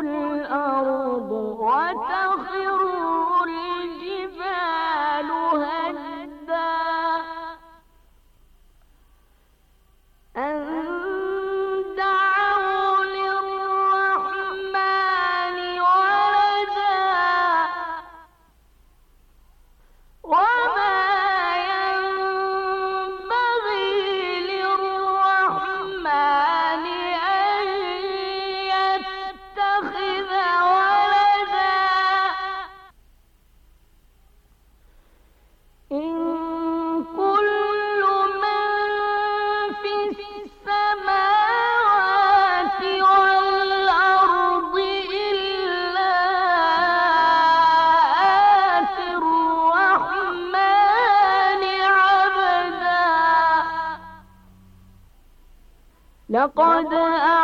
الأرض وتخر لقد أعلم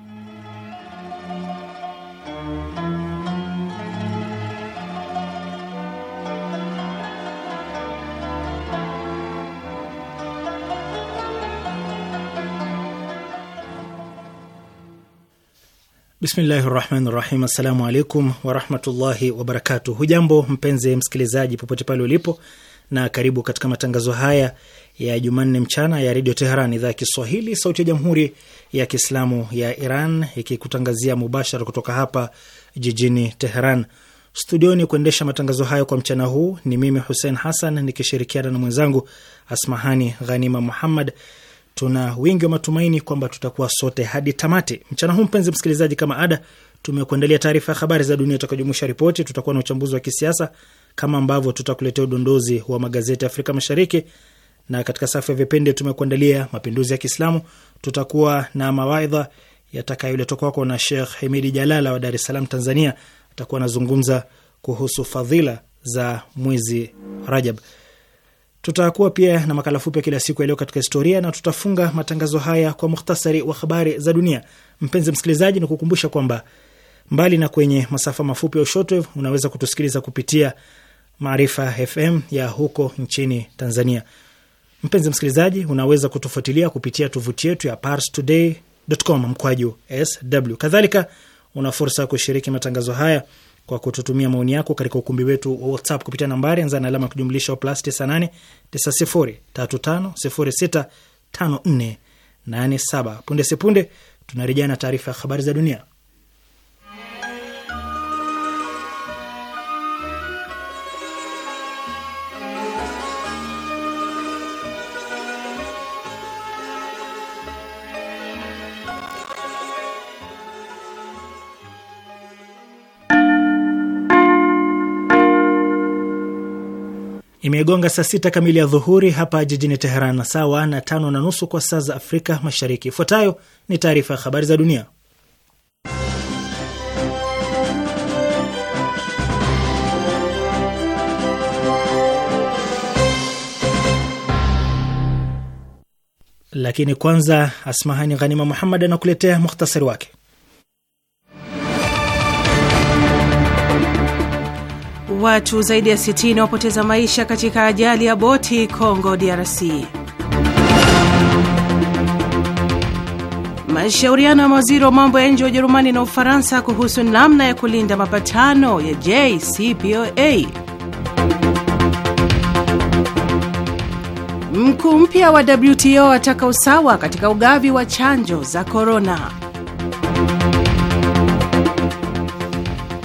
Bismillahi rahmani rahim. Assalamu alaikum warahmatullahi wabarakatu. Hujambo mpenzi msikilizaji, popote pale ulipo, na karibu katika matangazo haya ya Jumanne mchana ya redio Teheran, idhaa ya Kiswahili, sauti ya jamhuri ya kiislamu ya Iran, ikikutangazia mubashara kutoka hapa jijini Teheran. Studioni kuendesha matangazo hayo kwa mchana huu ni mimi Hussein Hassan nikishirikiana na mwenzangu Asmahani Ghanima Muhammad tuna wingi wa matumaini kwamba tutakuwa sote hadi tamati. Mchana huu mpenzi msikilizaji, kama ada, tumekuandalia taarifa ya habari za dunia itakayojumuisha ripoti, tutakuwa na uchambuzi wa kisiasa kama ambavyo tutakuletea udondozi wa magazeti ya Afrika Mashariki, na katika safu ya vipindi tumekuandalia mapinduzi ya Kiislamu, tutakuwa na mawaidha yatakayoletwa kwako na Sheikh Hemidi Jalala wa Dar es Salaam, Tanzania. Atakuwa anazungumza kuhusu fadhila za mwezi Rajab. Tutakuwa pia na makala fupi ya kila siku yaliyo katika historia, na tutafunga matangazo haya kwa muhtasari wa habari za dunia. Mpenzi msikilizaji, ni kukumbusha kwamba mbali na kwenye masafa mafupi ya shortwave, unaweza kutusikiliza kupitia Maarifa FM ya huko nchini Tanzania. Mpenzi msikilizaji, unaweza kutufuatilia kupitia tovuti yetu ya parstoday.com mkwaju sw. Kadhalika una fursa ya kushiriki matangazo haya kwa kututumia maoni yako katika ukumbi wetu wa WhatsApp kupitia nambari anza na alama ya kujumlisha plus 989035065487. Punde sipunde tunarejea na taarifa ya habari za dunia. Imegonga saa sita kamili ya dhuhuri hapa jijini Teheran, sawa na tano na nusu kwa saa za Afrika Mashariki. Ifuatayo ni taarifa ya habari za dunia, lakini kwanza Asmahani Ghanima Muhammad anakuletea muhtasari wake. Watu zaidi ya 60 wapoteza maisha katika ajali ya boti Congo DRC. Mashauriano ya mawaziri wa mambo ya nje wa Ujerumani na Ufaransa kuhusu namna ya kulinda mapatano ya JCPOA. Mkuu mpya wa WTO ataka usawa katika ugavi wa chanjo za korona.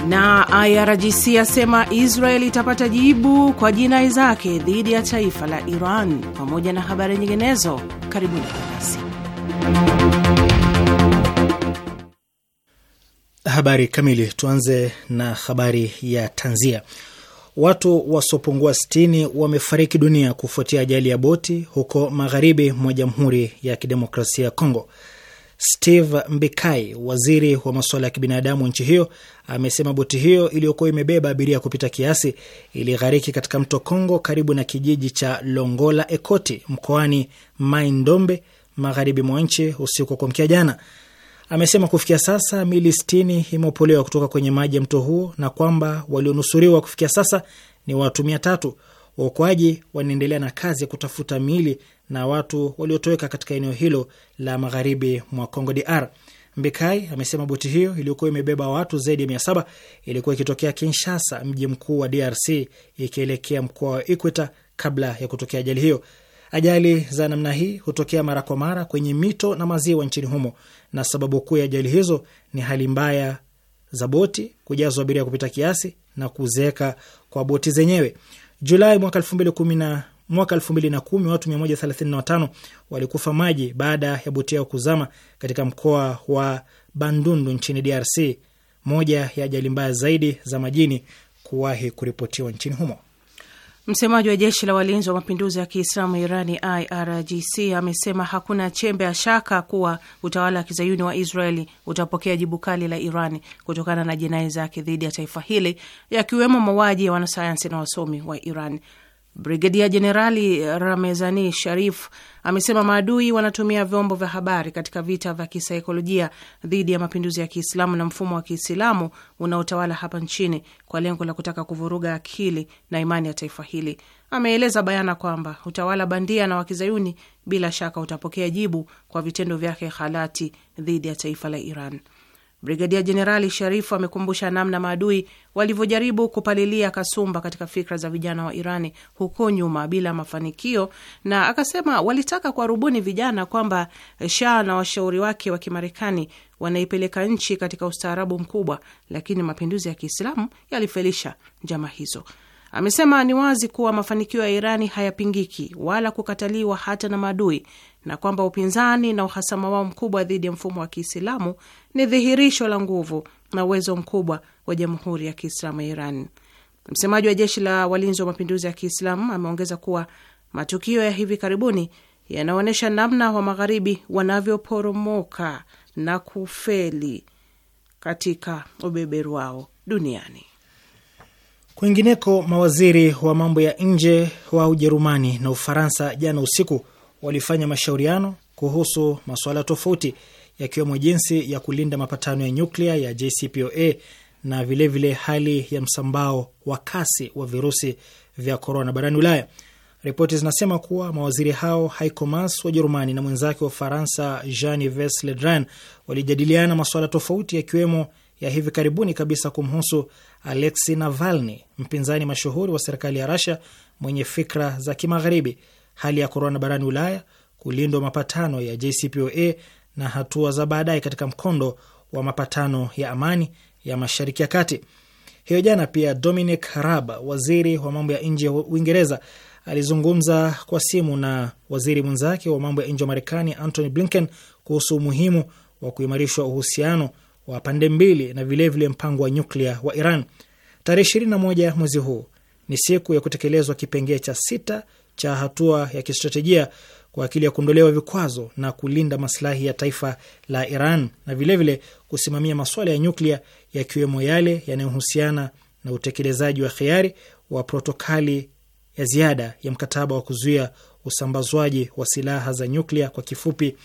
na IRGC asema Israel itapata jibu kwa jinai zake dhidi ya taifa la Iran, pamoja na habari nyinginezo. Karibuni kwa nasi. Habari kamili. Tuanze na habari ya tanzia. Watu wasiopungua 60 wamefariki dunia kufuatia ajali ya boti huko magharibi mwa Jamhuri ya Kidemokrasia ya Kongo. Steve Mbikai, waziri wa masuala ya kibinadamu nchi hiyo, amesema boti hiyo iliyokuwa imebeba abiria kupita kiasi ilighariki katika mto Kongo karibu na kijiji cha Longola Ekoti mkoani Mai-Ndombe magharibi mwa nchi usiku wa kuamkia jana. Amesema kufikia sasa mili sitini imeopolewa kutoka kwenye maji ya mto huo na kwamba walionusuriwa kufikia sasa ni watu mia tatu. Waokoaji wanaendelea na kazi ya kutafuta mili na watu waliotoweka katika eneo hilo la magharibi mwa Congo DR. Mbikai amesema boti hiyo iliyokuwa imebeba watu zaidi ya mia saba ilikuwa ikitokea Kinshasa, mji mkuu wa DRC, ikielekea mkoa wa Equita kabla ya kutokea ajali hiyo. Ajali za namna hii hutokea mara kwa mara kwenye mito na maziwa nchini humo, na sababu kuu ya ajali hizo ni hali mbaya za boti, kujazwa abiria kupita kiasi na kuzeeka kwa boti zenyewe. Julai mwaka elfu mbili kumi na Mwaka 2010 watu 135 walikufa maji baada ya boti yao kuzama katika mkoa wa Bandundu nchini DRC, moja ya ajali mbaya zaidi za majini kuwahi kuripotiwa nchini humo. Msemaji wa jeshi la walinzi wa mapinduzi ya Kiislamu Irani, IRGC, amesema hakuna chembe ya shaka kuwa utawala wa kizayuni wa Israeli utapokea jibu kali la Irani kutokana na jinai zake dhidi ya taifa hili, yakiwemo mauaji ya wanasayansi na wasomi wa Iran. Brigedia Jenerali Ramezani Sharif amesema maadui wanatumia vyombo vya habari katika vita vya kisaikolojia dhidi ya mapinduzi ya Kiislamu na mfumo wa Kiislamu unaotawala hapa nchini kwa lengo la kutaka kuvuruga akili na imani ya taifa hili. Ameeleza bayana kwamba utawala bandia na wakizayuni bila shaka utapokea jibu kwa vitendo vyake halati dhidi ya taifa la Iran. Brigadia Jenerali Sharifu amekumbusha namna maadui walivyojaribu kupalilia kasumba katika fikra za vijana wa Irani huko nyuma bila mafanikio, na akasema walitaka kuwarubuni vijana kwamba Shah na washauri wake wa Kimarekani wanaipeleka nchi katika ustaarabu mkubwa, lakini mapinduzi ya Kiislamu yalifelisha njama hizo. Amesema ni wazi kuwa mafanikio ya Irani hayapingiki wala kukataliwa hata na maadui, na kwamba upinzani na uhasama wao mkubwa dhidi ya mfumo wa Kiislamu ni dhihirisho la nguvu na uwezo mkubwa wa Jamhuri ya Kiislamu ya Iran. Msemaji wa jeshi la walinzi wa mapinduzi ya Kiislamu ameongeza kuwa matukio ya hivi karibuni yanaonyesha namna wa Magharibi wanavyoporomoka na kufeli katika ubeberu wao duniani. Kwingineko, mawaziri wa mambo ya nje wa Ujerumani na Ufaransa jana usiku walifanya mashauriano kuhusu masuala tofauti yakiwemo jinsi ya kulinda mapatano ya nyuklia ya JCPOA na vilevile vile hali ya msambao wa kasi wa virusi vya korona barani Ulaya. Ripoti zinasema kuwa mawaziri hao Heiko Maas wa Jerumani na mwenzake wa Ufaransa Jean Yves Le Drian walijadiliana masuala tofauti yakiwemo ya hivi karibuni kabisa kumhusu Alexei Navalny, mpinzani mashuhuri wa serikali ya Russia mwenye fikra za kimagharibi hali ya korona barani Ulaya, kulindwa mapatano ya JCPOA na hatua za baadaye katika mkondo wa mapatano ya amani ya mashariki ya kati. Hiyo jana pia, Dominic Raab, waziri wa mambo ya nje wa Uingereza, alizungumza kwa simu na waziri mwenzake wa mambo ya nje wa Marekani Antony Blinken kuhusu umuhimu wa kuimarishwa uhusiano wa pande mbili na vilevile mpango wa nyuklia wa Iran. Tarehe 21 mwezi huu ni siku ya kutekelezwa kipengee cha sita cha hatua ya kistratejia kwa akili ya kuondolewa vikwazo na kulinda maslahi ya taifa la Iran na vilevile vile kusimamia masuala ya nyuklia yakiwemo yale yanayohusiana na utekelezaji wa khiari wa protokali ya ziada ya mkataba wa kuzuia usambazwaji wa silaha za nyuklia kwa kifupi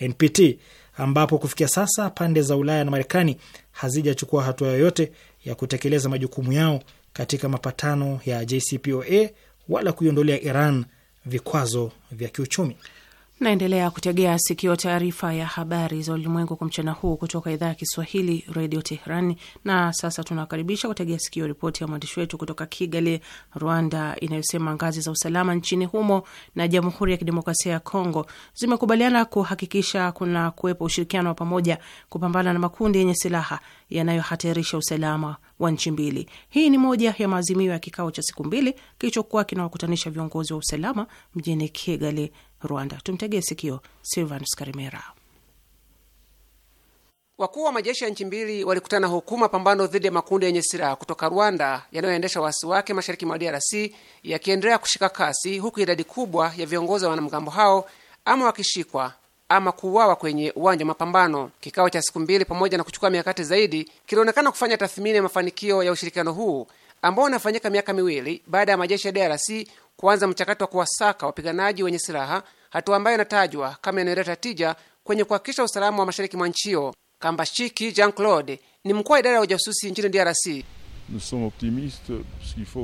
NPT, ambapo kufikia sasa pande za Ulaya na Marekani hazijachukua hatua yoyote ya kutekeleza majukumu yao katika mapatano ya JCPOA wala kuiondolea Iran vikwazo vya kiuchumi. Naendelea kutegea sikio taarifa ya habari za ulimwengu kwa mchana huu kutoka idhaa ya Kiswahili redio Teherani. Na sasa tunawakaribisha kutegea sikio ripoti ya mwandishi wetu kutoka Kigali, Rwanda, inayosema ngazi za usalama nchini humo na Jamhuri ya Kidemokrasia ya Kongo zimekubaliana kuhakikisha kuna kuwepo ushirikiano wa pamoja kupambana na makundi yenye silaha yanayohatarisha usalama wa nchi mbili. Hii ni moja ya maazimio ya kikao cha siku mbili kilichokuwa kinawakutanisha viongozi wa usalama mjini Kigali Rwanda. Tumtegee sikio Silvanus Karimera. Wakuu wa majeshi ya nchi mbili walikutana huku mapambano dhidi ya makundi yenye silaha kutoka Rwanda yanayoendesha waasi wake mashariki mwa DRC yakiendelea kushika kasi, huku idadi kubwa ya viongozi wa wanamgambo hao ama wakishikwa ama kuuawa kwenye uwanja wa mapambano. Kikao cha siku mbili, pamoja na kuchukua mikakati zaidi, kilionekana kufanya tathmini ya mafanikio ya ushirikiano huu ambao unafanyika miaka miwili baada ya majeshi ya DRC kuanza mchakato wa kuwasaka wapiganaji wenye silaha, hatua ambayo inatajwa kama inaleta tija kwenye kuhakikisha usalama wa mashariki mwa nchi hiyo. Kambashiki Jean Claude ni mkuu wa idara ya ujasusi nchini DRC.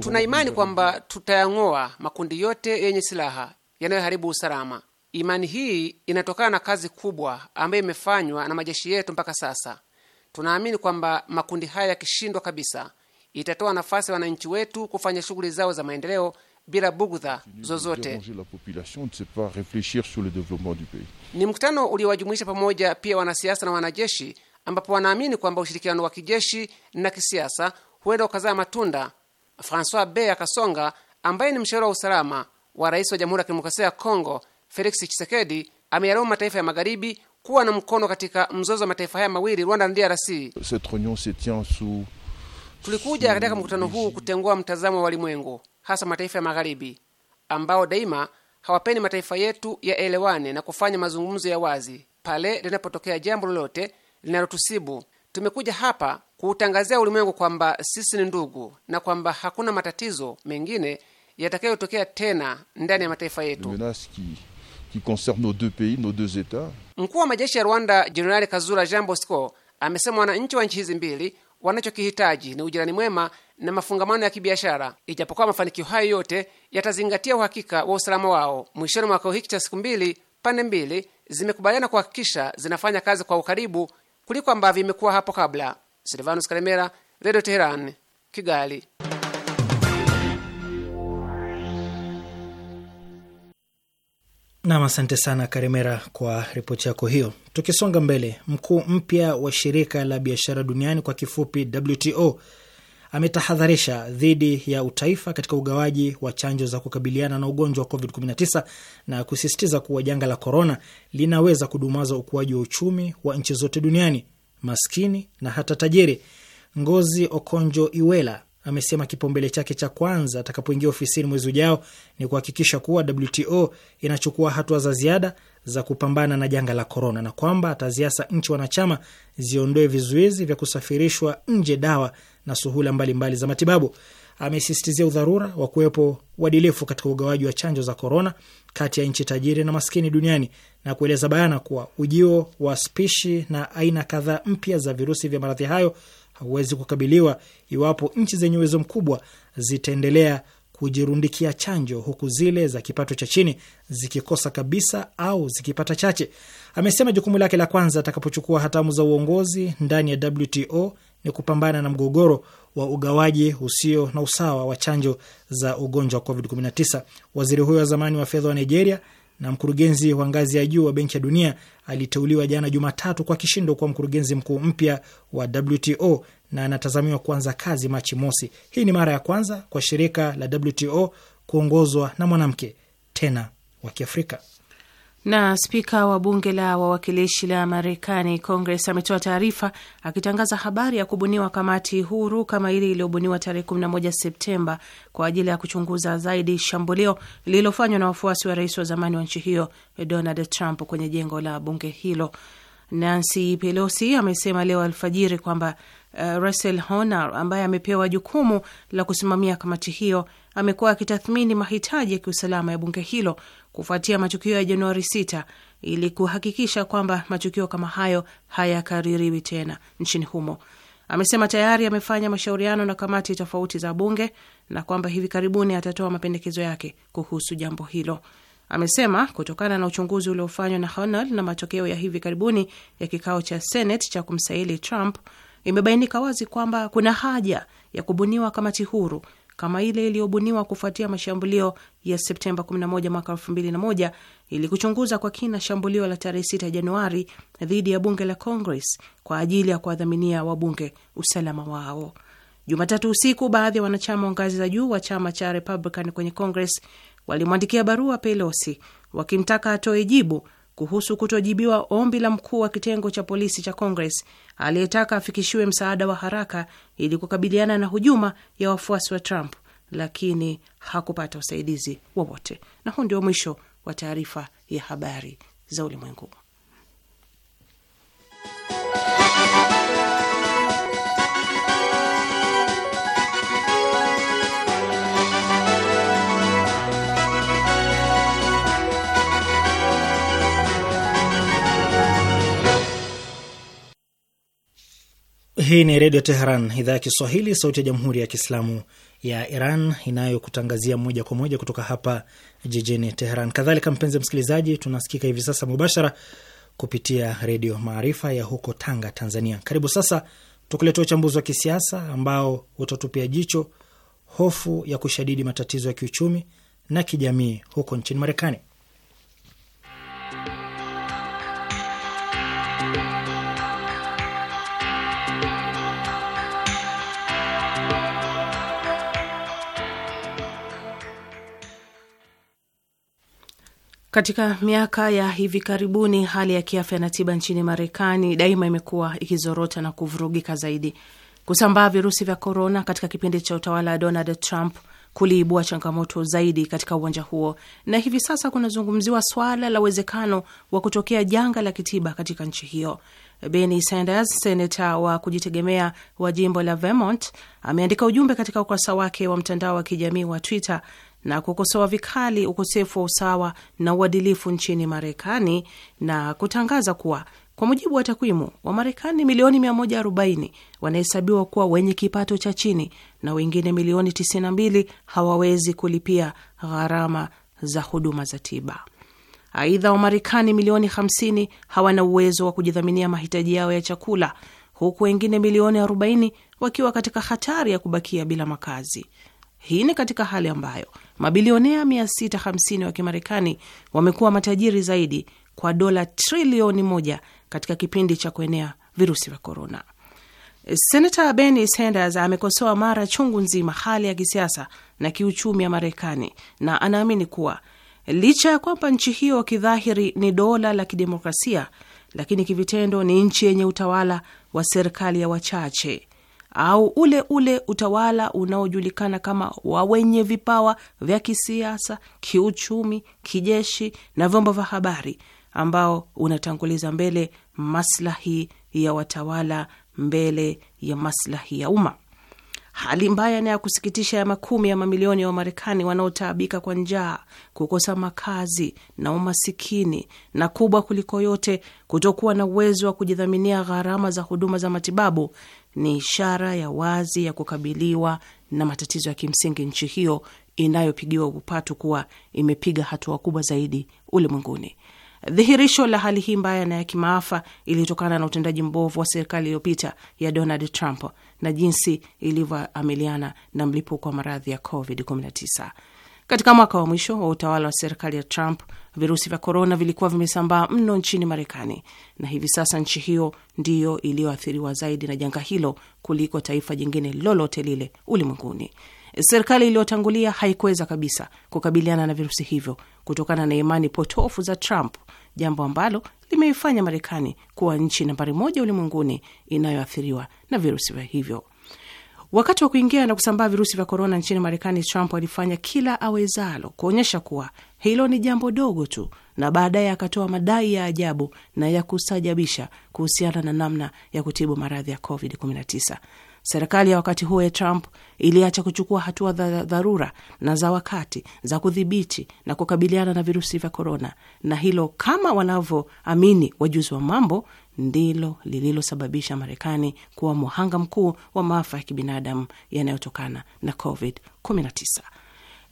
Tuna imani kwamba tutayang'oa makundi yote yenye silaha yanayoharibu usalama. Imani hii inatokana na kazi kubwa ambayo imefanywa na majeshi yetu mpaka sasa. Tunaamini kwamba makundi haya yakishindwa kabisa, itatoa nafasi ya wananchi wetu kufanya shughuli zao za maendeleo bila bugudha zozote. Ni mkutano uliowajumuisha pamoja pia wanasiasa na wanajeshi, ambapo wanaamini kwamba ushirikiano wa kijeshi na kisiasa huenda ukazaa matunda. Francois Bea Kasonga ambaye ni mshauri wa usalama wa rais wa Jamhuri ya Kidemokrasia ya Kongo Felix Tshisekedi ameyalaumu mataifa ya magharibi kuwa na mkono katika mzozo wa mataifa haya mawili, Rwanda na DRC. Tulikuja katika mkutano huu kutengua mtazamo wa walimwengu hasa mataifa ya Magharibi, ambao daima hawapendi mataifa yetu yaelewane na kufanya mazungumzo ya wazi pale linapotokea jambo lolote linalotusibu. Tumekuja hapa kuutangazia ulimwengu kwamba sisi ni ndugu na kwamba hakuna matatizo mengine yatakayotokea tena ndani ya mataifa yetu. Mkuu wa majeshi ya Rwanda Jenerali Kazura Jean Bosco amesema wananchi wa nchi hizi mbili wanachokihitaji ni ujirani mwema na mafungamano ya kibiashara, ijapokuwa mafanikio hayo yote yatazingatia uhakika wa usalama wao. Mwishoni mwa kikao hiki cha siku mbili, pande mbili zimekubaliana kuhakikisha zinafanya kazi kwa ukaribu kuliko ambavyo imekuwa hapo kabla. Silvanus Karemera, Redio Teheran, Kigali. Nam, asante sana Karemera kwa ripoti yako hiyo. Tukisonga mbele, mkuu mpya wa shirika la biashara duniani kwa kifupi WTO ametahadharisha dhidi ya utaifa katika ugawaji wa chanjo za kukabiliana na ugonjwa wa COVID-19 na kusisitiza kuwa janga la korona linaweza kudumaza ukuaji wa uchumi wa nchi zote duniani, maskini na hata tajiri. Ngozi Okonjo Iweala amesema kipaumbele chake cha kwanza atakapoingia ofisini mwezi ujao ni kuhakikisha kuwa WTO inachukua hatua za ziada za kupambana na janga la korona, na kwamba ataziasa nchi wanachama ziondoe vizuizi vya kusafirishwa nje dawa na suhula mbalimbali za matibabu. Amesisitizia udharura wa kuwepo uadilifu katika ugawaji wa chanjo za korona kati ya nchi tajiri na maskini duniani na kueleza bayana kuwa ujio wa spishi na aina kadhaa mpya za virusi vya maradhi hayo hauwezi kukabiliwa iwapo nchi zenye uwezo mkubwa zitaendelea kujirundikia chanjo huku zile za kipato cha chini zikikosa kabisa au zikipata chache. Amesema jukumu lake la kwanza atakapochukua hatamu za uongozi ndani ya WTO ni kupambana na mgogoro wa ugawaji usio na usawa wa chanjo za ugonjwa wa COVID-19. Waziri huyo wa zamani wa fedha wa Nigeria na mkurugenzi wa ngazi ya juu wa Benki ya Dunia aliteuliwa jana Jumatatu kwa kishindo kuwa mkurugenzi mkuu mpya wa WTO na anatazamiwa kuanza kazi Machi mosi. Hii ni mara ya kwanza kwa shirika la WTO kuongozwa na mwanamke tena wa Kiafrika. Na spika wa bunge la wawakilishi la Marekani, Congress, ametoa taarifa akitangaza habari ya kubuniwa kamati huru kama ile iliyobuniwa tarehe 11 Septemba kwa ajili ya kuchunguza zaidi shambulio lililofanywa na wafuasi wa rais wa zamani wa nchi hiyo Donald Trump kwenye jengo la bunge hilo. Nancy Pelosi amesema leo alfajiri kwamba uh, Russell Honar ambaye amepewa jukumu la kusimamia kamati hiyo amekuwa akitathmini mahitaji ya kiusalama ya bunge hilo kufuatia matukio ya Januari 6 ili kuhakikisha kwamba matukio kama hayo hayakaririwi tena nchini humo. Amesema tayari amefanya mashauriano na kamati tofauti za bunge na kwamba hivi karibuni atatoa mapendekezo yake kuhusu jambo hilo. Amesema kutokana na uchunguzi uliofanywa na Honald na matokeo ya hivi karibuni ya kikao cha Senate cha kumsaili Trump, imebainika wazi kwamba kuna haja ya kubuniwa kamati huru kama ile iliyobuniwa kufuatia mashambulio ya Septemba 11 mwaka 2001 ili kuchunguza kwa kina shambulio la tarehe 6 Januari dhidi ya bunge la Congress kwa ajili ya kuwadhaminia wabunge usalama wao. Jumatatu usiku, baadhi ya wanachama wa ngazi za juu wa chama cha Republican kwenye Congress walimwandikia barua Pelosi wakimtaka atoe jibu kuhusu kutojibiwa ombi la mkuu wa kitengo cha polisi cha Congress aliyetaka afikishiwe msaada wa haraka ili kukabiliana na hujuma ya wafuasi wa Trump, lakini hakupata usaidizi wowote. Na huu ndio mwisho wa taarifa ya habari za ulimwengu. Hii ni Redio Teheran, idhaa ya Kiswahili, sauti ya Jamhuri ya Kiislamu ya Iran inayokutangazia moja kwa moja kutoka hapa jijini Teheran. Kadhalika mpenzi msikilizaji, tunasikika hivi sasa mubashara kupitia Redio Maarifa ya huko Tanga, Tanzania. Karibu sasa tukuletea uchambuzi wa kisiasa ambao utatupia jicho hofu ya kushadidi matatizo ya kiuchumi na kijamii huko nchini Marekani. Katika miaka ya hivi karibuni hali ya kiafya na tiba nchini Marekani daima imekuwa ikizorota na kuvurugika zaidi. Kusambaa virusi vya korona katika kipindi cha utawala wa Donald Trump kuliibua changamoto zaidi katika uwanja huo, na hivi sasa kunazungumziwa swala la uwezekano wa kutokea janga la kitiba katika nchi hiyo. Bernie Sanders, seneta wa kujitegemea wa jimbo la Vermont, ameandika ujumbe katika ukurasa wake wa mtandao wa kijamii wa Twitter na kukosoa vikali ukosefu wa usawa na uadilifu nchini Marekani na kutangaza kuwa kwa mujibu wa takwimu Wamarekani milioni 140 wanahesabiwa kuwa wenye kipato cha chini na wengine milioni 92 hawawezi kulipia gharama za huduma za tiba. Aidha, Wamarekani milioni 50 hawana uwezo wa kujidhaminia mahitaji yao ya chakula, huku wengine milioni 40 wakiwa katika hatari ya kubakia bila makazi. Hii ni katika hali ambayo mabilionea 650 wa Kimarekani wamekuwa matajiri zaidi kwa dola trilioni moja katika kipindi cha kuenea virusi vya korona. Senata Bernie Sanders amekosoa mara chungu nzima hali ya kisiasa na kiuchumi ya Marekani na anaamini kuwa licha ya kwamba nchi hiyo kidhahiri ni dola la kidemokrasia, lakini kivitendo ni nchi yenye utawala wa serikali ya wachache au ule ule utawala unaojulikana kama wa wenye vipawa vya kisiasa, kiuchumi, kijeshi na vyombo vya habari, ambao unatanguliza mbele maslahi ya watawala mbele ya maslahi ya umma. Hali mbaya na ya kusikitisha ya makumi ya mamilioni ya Wamarekani wanaotaabika kwa njaa, kukosa makazi na umasikini, na kubwa kuliko yote, kutokuwa na uwezo wa kujidhaminia gharama za huduma za matibabu ni ishara ya wazi ya kukabiliwa na matatizo ya kimsingi nchi hiyo inayopigiwa upatu kuwa imepiga hatua kubwa zaidi ulimwenguni. Dhihirisho la hali hii mbaya na ya kimaafa ilitokana na utendaji mbovu wa serikali iliyopita ya Donald Trump na jinsi ilivyoamiliana na mlipuko wa maradhi ya COVID-19. Katika mwaka wa mwisho wa utawala wa serikali ya Trump, virusi vya korona vilikuwa vimesambaa mno nchini Marekani, na hivi sasa nchi hiyo ndiyo iliyoathiriwa zaidi na janga hilo kuliko taifa jingine lolote lile ulimwenguni. Serikali iliyotangulia haikuweza kabisa kukabiliana na virusi hivyo kutokana na imani potofu za Trump, jambo ambalo limeifanya Marekani kuwa nchi nambari moja ulimwenguni inayoathiriwa na virusi hivyo. Wakati wa kuingia na kusambaa virusi vya korona nchini Marekani, Trump alifanya kila awezalo kuonyesha kuwa hilo ni jambo dogo tu, na baadaye akatoa madai ya ajabu na ya kusajabisha kuhusiana na namna ya kutibu maradhi ya COVID-19. Serikali ya wakati huo ya Trump iliacha kuchukua hatua za dharura na za wakati za kudhibiti na kukabiliana na virusi vya korona, na hilo kama wanavyoamini wajuzi wa mambo ndilo lililosababisha Marekani kuwa muhanga mkuu wa maafa ya kibinadamu yanayotokana na COVID-19.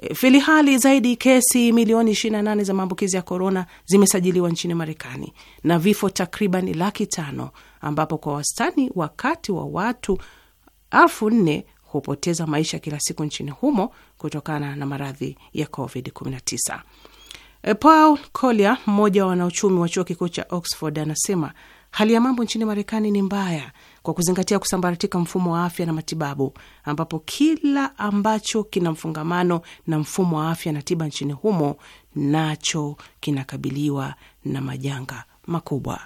E, Filihali zaidi kesi milioni 28 za maambukizi ya korona zimesajiliwa nchini Marekani na vifo takriban laki tano ambapo kwa wastani wakati wa watu elfu nne hupoteza maisha kila siku nchini humo kutokana na maradhi ya COVID-19. Eh, Paul Collier, mmoja wa wanauchumi wa chuo kikuu cha Oxford, anasema hali ya mambo nchini Marekani ni mbaya kwa kuzingatia kusambaratika mfumo wa afya na matibabu, ambapo kila ambacho kina mfungamano na mfumo wa afya na tiba nchini humo nacho kinakabiliwa na majanga makubwa.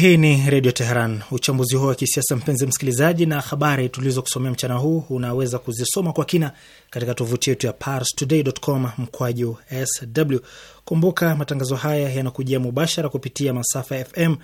Hii ni Redio Teheran. Uchambuzi huo wa kisiasa, mpenzi msikilizaji, na habari tulizokusomea mchana huu unaweza kuzisoma kwa kina katika tovuti yetu ya parstoday.com mkwaju sw. Kumbuka matangazo haya yanakujia mubashara kupitia masafa ya FM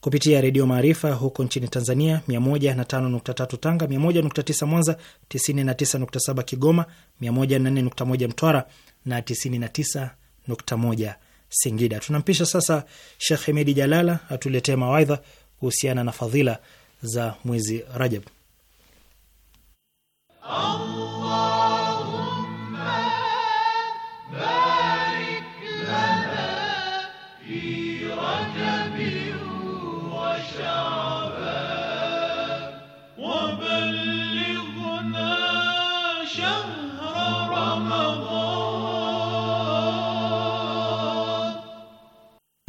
kupitia Redio Maarifa huko nchini Tanzania, 105.3 Tanga, 101.9 Mwanza, 99.7 Kigoma, 104.1 Mtwara na 99.1 Singida. Tunampisha sasa Shekh Hemedi Jalala atuletee mawaidha kuhusiana na fadhila za mwezi Rajab. Allah.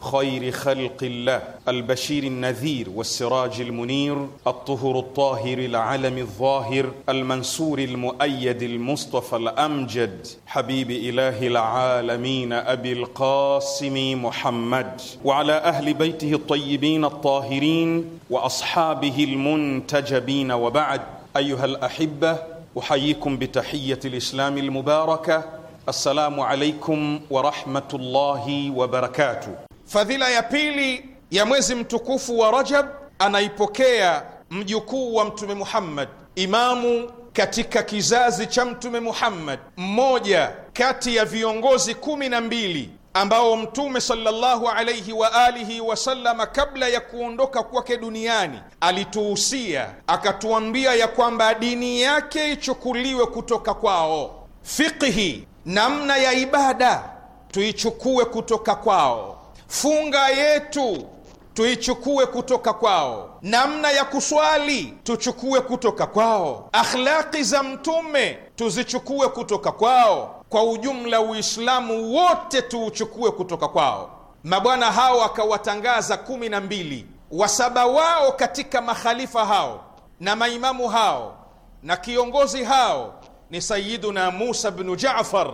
خير خلق الله البشير النذير والسراج المنير الطهر الطاهر العلم الظاهر المنصور المؤيد المصطفى الأمجد حبيب إله العالمين أبي القاسم محمد وعلى أهل بيته الطيبين الطاهرين وأصحابه المنتجبين وبعد أيها الأحبة أحييكم بتحية الإسلام المباركة السلام عليكم ورحمة الله وبركاته Fadhila ya pili ya mwezi mtukufu wa Rajab anaipokea mjukuu wa Mtume Muhammad, imamu katika kizazi cha Mtume Muhammad, mmoja kati ya viongozi kumi na mbili ambao Mtume sallallahu alaihi wa alihi wasallama kabla ya kuondoka kwake duniani alituhusia akatuambia ya kwamba dini yake ichukuliwe kutoka kwao, fiqhi, namna ya ibada tuichukue kutoka kwao funga yetu tuichukue kutoka kwao, namna ya kuswali tuchukue kutoka kwao, akhlaqi za Mtume tuzichukue kutoka kwao. Kwa ujumla, Uislamu wote tuuchukue kutoka kwao. Mabwana hao akawatangaza kumi na mbili, wasaba wao katika makhalifa hao na maimamu hao na kiongozi hao ni Sayiduna Musa bnu Jafar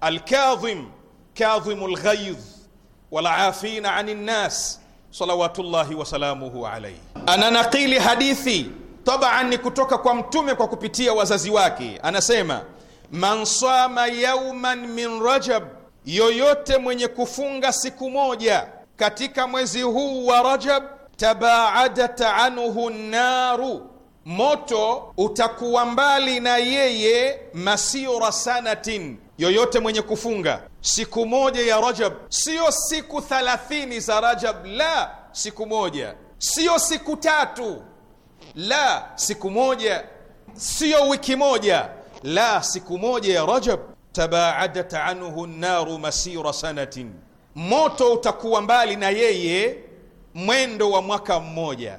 Alkadhim, kadhimu lghaidh walafina ani nnas salawatullahi wasalamuhu alaihi. Ananakili hadithi taban ni kutoka kwa Mtume kwa kupitia wazazi wake, anasema man sama yauman min Rajab, yoyote mwenye kufunga siku moja katika mwezi huu wa Rajab, tabaadat anhu nnaru, moto utakuwa mbali na yeye, masira sanatin, yoyote mwenye kufunga siku moja ya Rajab, siyo siku thalathini za Rajab, la siku moja, siyo siku tatu, la siku moja, siyo wiki moja, la siku moja ya Rajab. Tabaadat anhu naru masira sanatin, moto utakuwa mbali na yeye mwendo wa mwaka mmoja.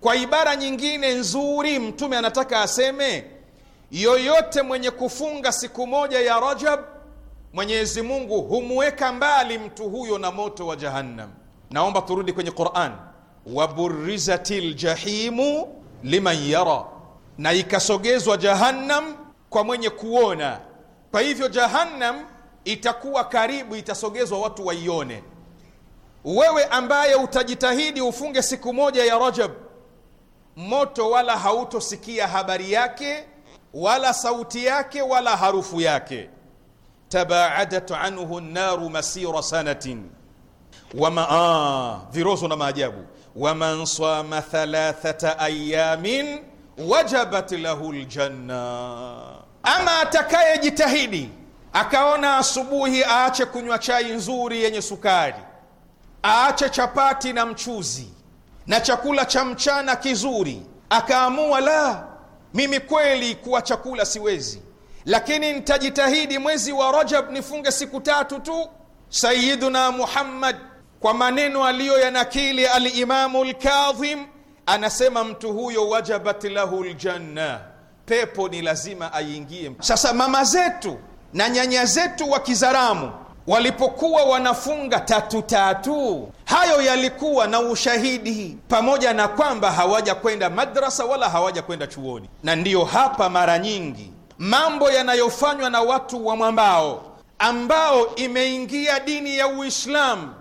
Kwa ibara nyingine nzuri, Mtume anataka aseme yoyote mwenye kufunga siku moja ya Rajab Mwenyezi Mungu humweka mbali mtu huyo na moto wa Jahannam. Naomba turudi kwenye Qur'an, waburizati jahimu liman yara, na ikasogezwa Jahannam kwa mwenye kuona. Kwa hivyo Jahannam itakuwa karibu, itasogezwa watu waione. Wewe ambaye utajitahidi ufunge siku moja ya Rajab, moto wala hautosikia habari yake wala sauti yake wala harufu yake tabaadat anhu nar masira sanatin wama ah, virozo na maajabu waman sama thalathata ayamin wajabat lahu ljanna, ama atakaye jitahidi akaona asubuhi aache kunywa chai nzuri yenye sukari, aache chapati na mchuzi na chakula cha mchana kizuri, akaamua la, mimi kweli kuwa chakula siwezi lakini ntajitahidi mwezi wa Rajab nifunge siku tatu tu. sayiduna Muhammad kwa maneno aliyo yanakili Alimamu Lkadhim anasema mtu huyo wajabat lahu ljanna, pepo ni lazima aingie. Sasa mama zetu na nyanya zetu wa Kizaramu walipokuwa wanafunga tatu tatu, hayo yalikuwa na ushahidi, pamoja na kwamba hawaja kwenda madrasa wala hawaja kwenda chuoni, na ndiyo hapa mara nyingi mambo yanayofanywa na watu wa mwambao ambao imeingia dini ya Uislamu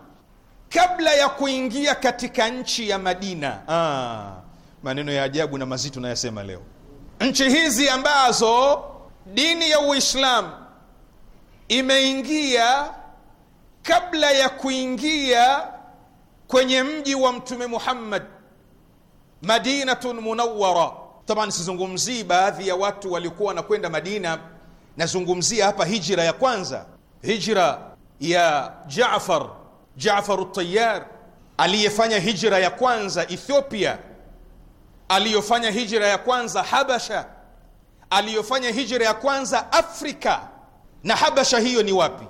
kabla ya kuingia katika nchi ya Madina. Ah, maneno ya ajabu na mazito nayasema leo. Nchi hizi ambazo dini ya Uislamu imeingia kabla ya kuingia kwenye mji wa Mtume Muhammad, Madinatun Munawwara Taban, sizungumzii baadhi ya watu walikuwa wanakwenda Madina, nazungumzia hapa hijra ya kwanza, hijra ya Jaafar Jaafar Tayyar aliyefanya hijra ya kwanza Ethiopia, aliyofanya hijra ya kwanza Habasha, aliyofanya hijra ya kwanza Afrika. Na Habasha hiyo ni wapi?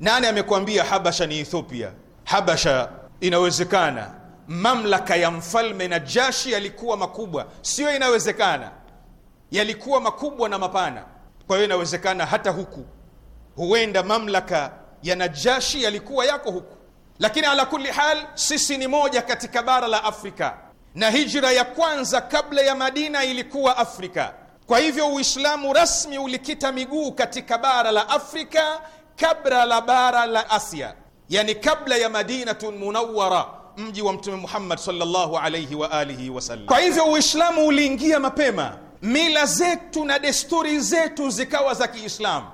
Nani amekwambia Habasha ni Ethiopia? Habasha inawezekana mamlaka ya mfalme Najashi yalikuwa makubwa, sio inawezekana, yalikuwa makubwa na mapana. Kwa hiyo inawezekana hata huku, huenda mamlaka ya Najashi yalikuwa yako huku, lakini ala kulli hal, sisi ni moja katika bara la Afrika na hijra ya kwanza kabla ya Madina ilikuwa Afrika. Kwa hivyo Uislamu rasmi ulikita miguu katika bara la Afrika kabla la bara la Asia, yani kabla ya Madinatun Munawara mji wa Mtume Muhammad sallallahu alayhi wa alihi wasallam. Kwa hivyo Uislamu uliingia mapema, mila zetu na desturi zetu zikawa za Kiislamu,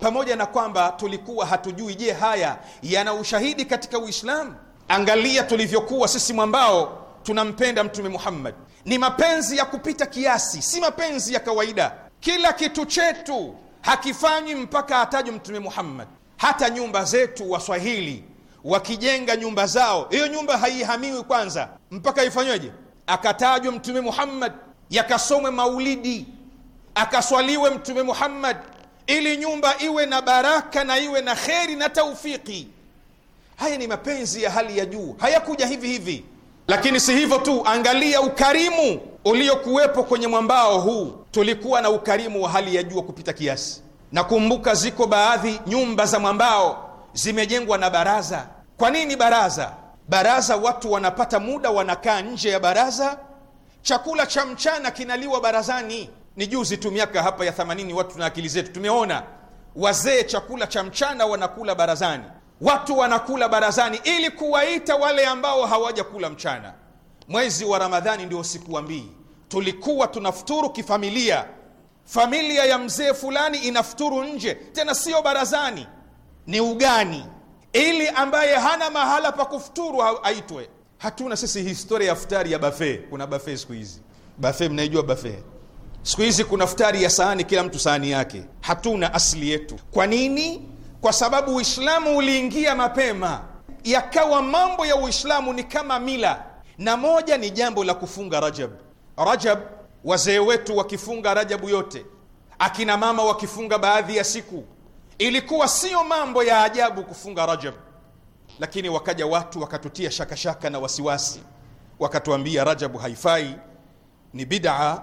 pamoja na kwamba tulikuwa hatujui. Je, haya yana ushahidi katika Uislamu? Angalia tulivyokuwa sisi mwambao tunampenda Mtume Muhammad, ni mapenzi ya kupita kiasi, si mapenzi ya kawaida. Kila kitu chetu hakifanywi mpaka atajwe Mtume Muhammad. Hata nyumba zetu Waswahili wakijenga nyumba zao, hiyo nyumba haihamiwi kwanza mpaka ifanyweje? Akatajwa Mtume Muhammad, yakasomwe maulidi, akaswaliwe Mtume Muhammad, ili nyumba iwe na baraka na iwe na kheri na taufiki. Haya ni mapenzi ya hali ya juu, hayakuja hivi hivi. Lakini si hivyo tu, angalia ukarimu uliokuwepo kwenye mwambao huu. Tulikuwa na ukarimu wa hali ya juu kupita kiasi. Nakumbuka ziko baadhi nyumba za mwambao zimejengwa na baraza. Kwa nini baraza? Baraza watu wanapata muda, wanakaa nje ya baraza, chakula cha mchana kinaliwa barazani. Ni juzi tu miaka hapa ya themanini, watu na akili zetu tumeona wazee chakula cha mchana wanakula barazani, watu wanakula barazani ili kuwaita wale ambao hawaja kula mchana. Mwezi wa Ramadhani ndio siku mbili tulikuwa tunafuturu kifamilia, familia ya mzee fulani inafuturu nje, tena sio barazani ni ugani, ili ambaye hana mahala pa kufuturu aitwe. Hatuna sisi historia ya futari ya bafe. Kuna bafe siku hizi, bafe mnaijua bafe siku hizi kuna futari ya sahani, kila mtu sahani yake. Hatuna asili yetu. Kwa nini? Kwa sababu Uislamu uliingia mapema, yakawa mambo ya Uislamu ni kama mila, na moja ni jambo la kufunga Rajab. Rajab, wazee wetu wakifunga Rajabu yote, akina mama wakifunga baadhi ya siku Ilikuwa sio mambo ya ajabu kufunga Rajab, lakini wakaja watu wakatutia shakashaka shaka na wasiwasi, wakatuambia Rajabu haifai, ni bid'a,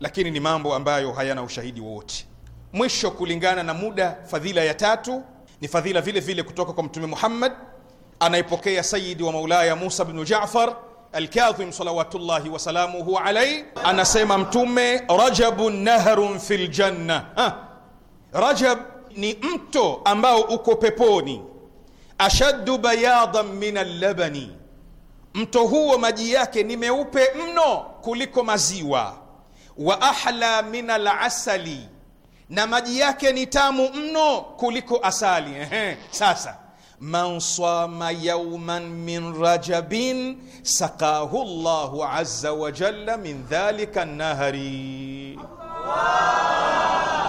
lakini ni mambo ambayo hayana ushahidi wowote. Mwisho kulingana na muda, fadhila ya tatu ni fadhila vile vile kutoka kwa Mtume Muhammad anayepokea Sayyidi wa Maulaya Musa bin Jaafar Alkadhim salawatullahi wasalamuhu alayhi anasema Mtume, Rajabun nahrun fil janna. Ah, Rajab ni mto ambao uko peponi, ashaddu bayadan min allabani, mto huo maji yake ni meupe mno kuliko maziwa. Wa ahla min alasali, na maji yake ni tamu mno kuliko asali. Ehe, sasa man sama yauman min rajabin sakahu llahu azza wa jalla min dhalika nahari. Allah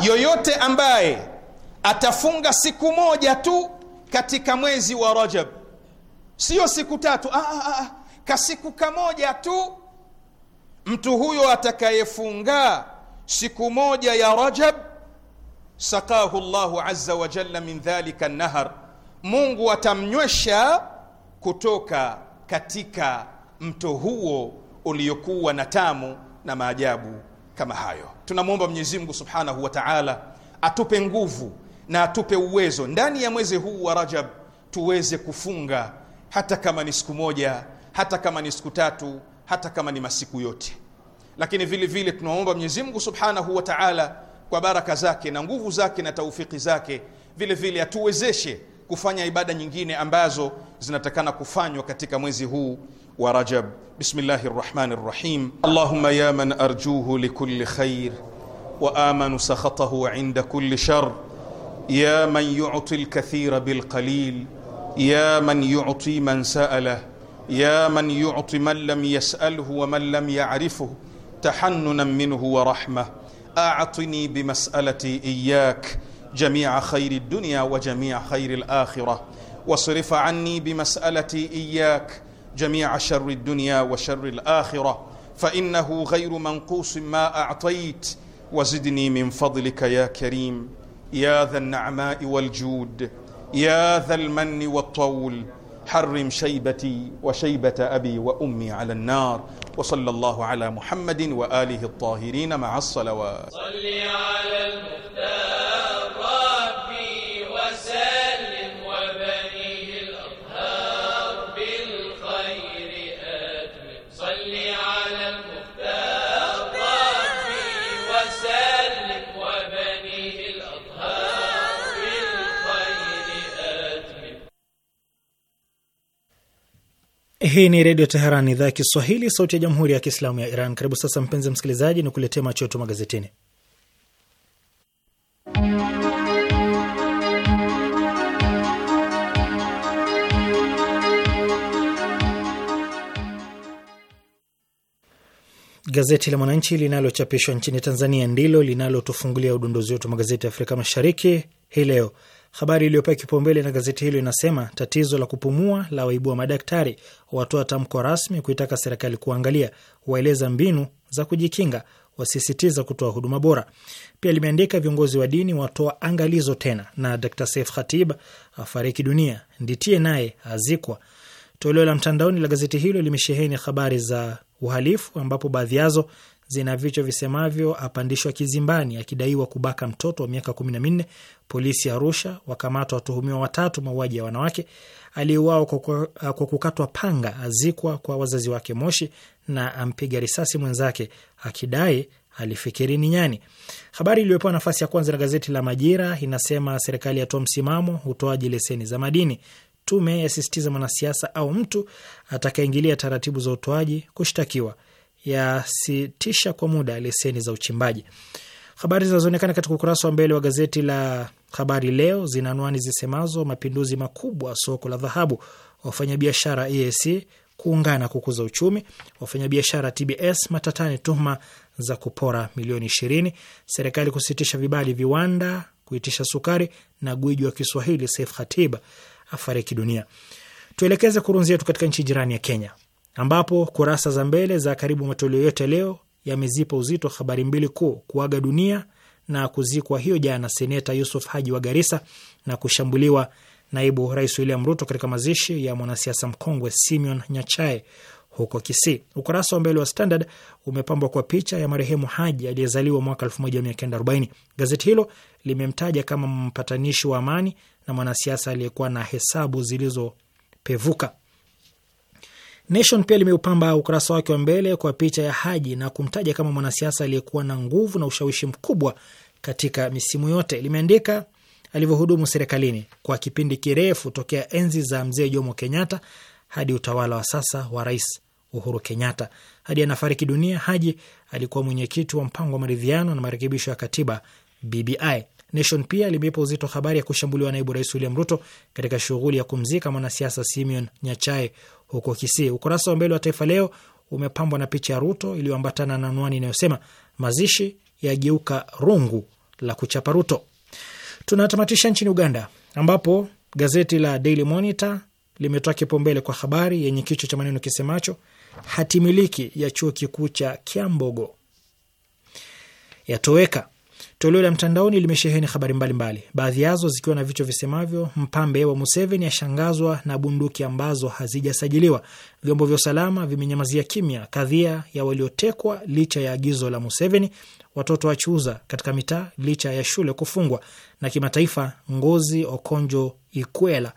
yoyote ambaye atafunga siku moja tu katika mwezi wa Rajab, sio siku tatu, ah, ah, ah, ah. kasiku kamoja tu. Mtu huyo atakayefunga siku moja ya Rajab, sakahu llahu azza wa jalla min dhalika nahar, Mungu atamnywesha kutoka katika mto huo uliokuwa na tamu na maajabu kama hayo. Tunamwomba Mwenyezi Mungu Subhanahu wa Ta'ala atupe nguvu na atupe uwezo ndani ya mwezi huu wa Rajab tuweze kufunga hata kama ni siku moja, hata kama ni siku tatu, hata kama ni masiku yote. Lakini vile vile tunaomba Mwenyezi Mungu Subhanahu wa Ta'ala kwa baraka zake na nguvu zake na taufiki zake, vile vile atuwezeshe kufanya ibada nyingine ambazo zinatakana kufanywa katika mwezi huu ورجب بسم الله الرحمن الرحيم اللهم يا من أرجوه لكل خير وآمن سخطه عند كل شر يا من يعطي الكثير بالقليل يا من يعطي من سأله يا من يعطي من لم يسأله ومن لم يعرفه تحننا منه ورحمة أعطني بمسألتي إياك جميع خير الدنيا وجميع خير الآخرة واصرف عني بمسألتي إياك جميع شر الدنيا وشر الآخرة فإنه غير منقوص ما أعطيت وزدني من فضلك يا كريم يا ذا النعماء والجود يا ذا المن والطول حرم شيبتي وشيبة أبي وأمي على النار وصلى الله على محمد وآله الطاهرين مع الصلوات صل على المختار Hii ni Redio Teheran, idhaa ya Kiswahili, sauti ya Jamhuri ya Kiislamu ya Iran. Karibu sasa, mpenzi msikilizaji, ni kuletea macho yetu magazetini. Gazeti la Mwananchi linalochapishwa nchini Tanzania ndilo linalotufungulia udondozi wetu magazeti ya Afrika Mashariki hii leo. Habari iliyopewa kipaumbele na gazeti hilo inasema tatizo la kupumua la waibua madaktari, watoa tamko rasmi kuitaka serikali kuangalia, waeleza mbinu za kujikinga, wasisitiza kutoa huduma bora. Pia limeandika viongozi wa dini watoa angalizo tena, na Dr Saif Khatib afariki dunia, Nditie naye azikwa. Toleo la mtandaoni la gazeti hilo limesheheni habari za uhalifu ambapo baadhi yazo zina vichwa visemavyo: apandishwa kizimbani akidaiwa kubaka mtoto wa miaka kumi na minne, polisi Arusha wakamata watuhumiwa watatu mauaji ya wanawake, aliyeuawa kwa kukatwa panga azikwa kwa wazazi wake Moshi, na ampiga risasi mwenzake akidai alifikiri ni nyani. Habari iliyopewa nafasi ya kwanza na gazeti la Majira inasema serikali yatoa msimamo utoaji leseni za madini. Tume yasisitiza mwanasiasa au mtu atakayeingilia taratibu za utoaji kushtakiwa yasitisha kwa muda leseni za uchimbaji. Habari zinazoonekana katika ukurasa wa mbele wa gazeti la Habari Leo zina anwani zisemazo: mapinduzi makubwa soko la dhahabu, wafanyabiashara EAC kuungana kukuza uchumi, wafanyabiashara TBS matatani tuhuma za kupora milioni ishirini, serikali kusitisha vibali viwanda kuitisha sukari, na gwiji wa Kiswahili Saif Khatiba afariki dunia. Tuelekeze kurunzi yetu katika nchi jirani ya Kenya ambapo kurasa za mbele za karibu matoleo yote leo yamezipa uzito habari mbili kuu: kuaga dunia na kuzikwa hiyo jana seneta Yusuf Haji wa Garissa na kushambuliwa naibu rais William Ruto katika mazishi ya mwanasiasa mkongwe Simeon Nyachae huko Kisii. Ukurasa wa mbele wa Standard umepambwa kwa picha ya marehemu Haji aliyezaliwa mwaka 1940. Gazeti hilo limemtaja kama mpatanishi wa amani na mwanasiasa aliyekuwa na hesabu zilizopevuka. Nation pia limeupamba ukurasa wake wa mbele kwa picha ya Haji na kumtaja kama mwanasiasa aliyekuwa na nguvu na ushawishi mkubwa katika misimu yote. Limeandika alivyohudumu serikalini kwa kipindi kirefu tokea enzi za mzee Jomo Kenyatta hadi utawala wa sasa wa Rais Uhuru Kenyatta. Hadi anafariki dunia, Haji alikuwa mwenyekiti wa mpango wa maridhiano na marekebisho ya katiba BBI. Nation pia limeipa uzito habari ya kushambuliwa naibu rais William Ruto katika shughuli ya kumzika mwanasiasa Simeon Nyachae huko Kisii. Ukurasa wa mbele wa Taifa Leo umepambwa na picha ya Ruto iliyoambatana na anwani inayosema mazishi yageuka rungu la kuchapa Ruto. Tunatamatisha nchini Uganda ambapo gazeti la Daily Monitor limetoa kipaumbele kwa habari yenye kichwa cha maneno kisemacho hatimiliki ya chuo kikuu cha Kiambogo yatoweka. Toleo la mtandaoni limesheheni habari mbalimbali, baadhi yazo zikiwa na vichwa visemavyo: mpambe wa Museveni ashangazwa na bunduki ambazo hazijasajiliwa, vyombo vya usalama vimenyamazia kimya kadhia ya waliotekwa licha ya agizo la Museveni, watoto wachuuza katika mitaa licha ya shule kufungwa, na kimataifa, Ngozi Okonjo Ikwela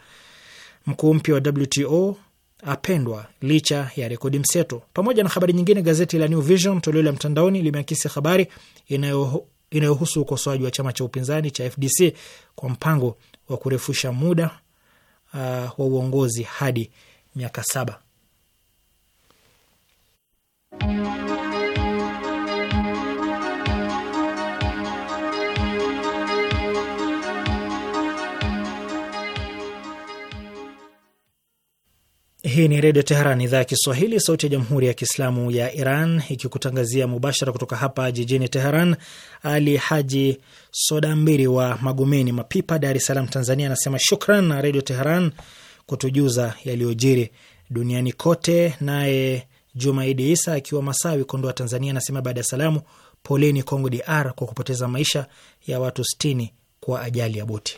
mkuu mpya wa WTO apendwa licha ya rekodi mseto, pamoja na habari nyingine. Gazeti la New Vision toleo la mtandaoni limeakisi habari inayo inayohusu ukosoaji wa chama cha upinzani cha FDC kwa mpango wa kurefusha muda uh, wa uongozi hadi miaka saba. Hii ni Redio Teheran, idhaa ya Kiswahili, sauti ya Jamhuri ya Kiislamu ya Iran, ikikutangazia mubashara kutoka hapa jijini Teheran. Ali Haji Soda Mbiri wa Magomeni Mapipa, Dar es Salaam, Tanzania, anasema shukran na Redio Teheran kutujuza yaliyojiri duniani kote. Naye Jumaidi Isa akiwa Masawi, Kondoa, Tanzania, anasema baada ya salamu, poleni Kongo DR kwa kupoteza maisha ya watu sitini kwa ajali ya boti.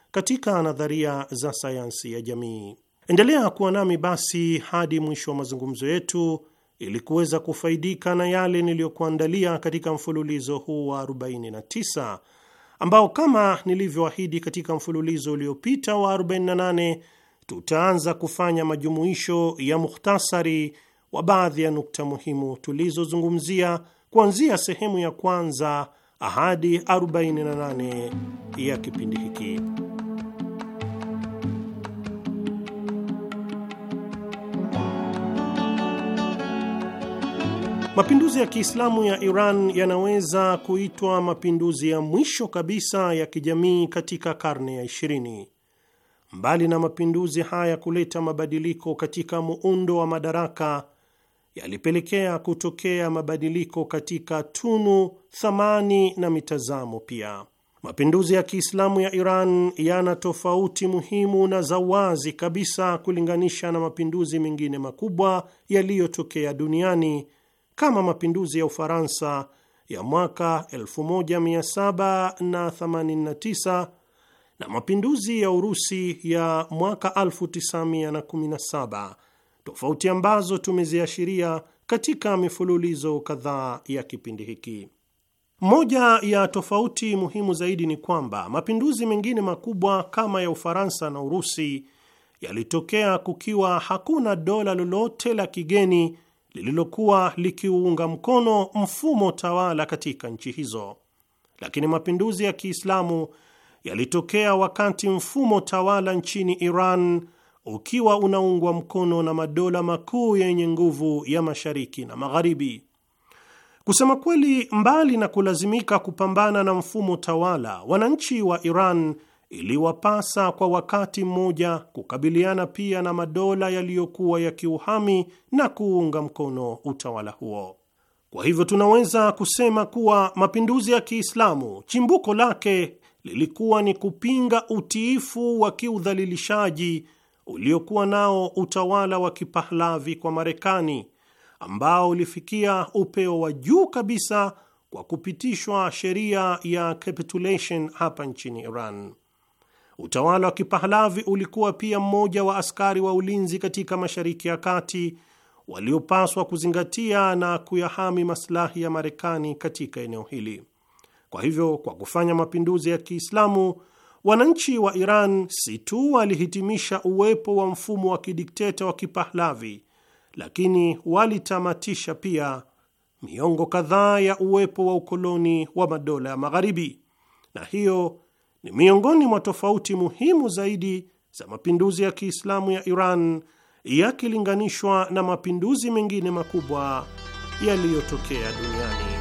katika nadharia za sayansi ya jamii. Endelea kuwa nami basi hadi mwisho wa mazungumzo yetu ili kuweza kufaidika na yale niliyokuandalia katika mfululizo huu wa 49 ambao kama nilivyoahidi katika mfululizo uliopita wa 48 tutaanza kufanya majumuisho ya mukhtasari wa baadhi ya nukta muhimu tulizozungumzia kuanzia sehemu ya kwanza ahadi 48 ya kipindi hiki. Mapinduzi ya Kiislamu ya Iran yanaweza kuitwa mapinduzi ya mwisho kabisa ya kijamii katika karne ya 20. Mbali na mapinduzi haya kuleta mabadiliko katika muundo wa madaraka yalipelekea kutokea mabadiliko katika tunu, thamani na mitazamo pia. Mapinduzi ya Kiislamu ya Iran yana tofauti muhimu na za wazi kabisa kulinganisha na mapinduzi mengine makubwa yaliyotokea duniani kama mapinduzi ya Ufaransa ya mwaka 1789 na mapinduzi ya Urusi ya mwaka 1917 tofauti ambazo tumeziashiria katika mifululizo kadhaa ya kipindi hiki. Moja ya tofauti muhimu zaidi ni kwamba mapinduzi mengine makubwa kama ya Ufaransa na Urusi yalitokea kukiwa hakuna dola lolote la kigeni lililokuwa likiuunga mkono mfumo tawala katika nchi hizo, lakini mapinduzi ya Kiislamu yalitokea wakati mfumo tawala nchini Iran ukiwa unaungwa mkono na madola makuu yenye nguvu ya mashariki na magharibi. Kusema kweli, mbali na kulazimika kupambana na mfumo tawala, wananchi wa Iran iliwapasa kwa wakati mmoja kukabiliana pia na madola yaliyokuwa yakiuhami na kuunga mkono utawala huo. Kwa hivyo tunaweza kusema kuwa mapinduzi ya Kiislamu chimbuko lake lilikuwa ni kupinga utiifu wa kiudhalilishaji uliokuwa nao utawala wa Kipahlavi kwa Marekani ambao ulifikia upeo wa juu kabisa kwa kupitishwa sheria ya capitulation hapa nchini Iran. Utawala wa Kipahlavi ulikuwa pia mmoja wa askari wa ulinzi katika Mashariki ya Kati waliopaswa kuzingatia na kuyahami maslahi ya Marekani katika eneo hili. Kwa hivyo, kwa kufanya mapinduzi ya Kiislamu wananchi wa Iran si tu walihitimisha uwepo wa mfumo wa kidikteta wa Kipahlavi, lakini walitamatisha pia miongo kadhaa ya uwepo wa ukoloni wa madola ya Magharibi, na hiyo ni miongoni mwa tofauti muhimu zaidi za mapinduzi ya Kiislamu ya Iran yakilinganishwa na mapinduzi mengine makubwa yaliyotokea duniani.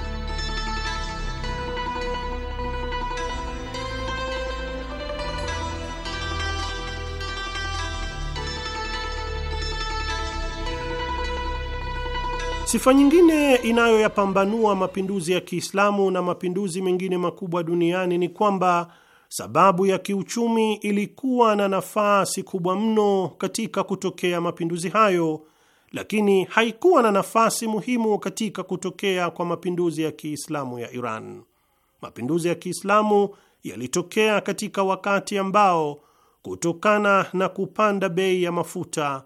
Sifa nyingine inayoyapambanua mapinduzi ya Kiislamu na mapinduzi mengine makubwa duniani ni kwamba sababu ya kiuchumi ilikuwa na nafasi kubwa mno katika kutokea mapinduzi hayo, lakini haikuwa na nafasi muhimu katika kutokea kwa mapinduzi ya Kiislamu ya Iran. Mapinduzi ya Kiislamu yalitokea katika wakati ambao kutokana na kupanda bei ya mafuta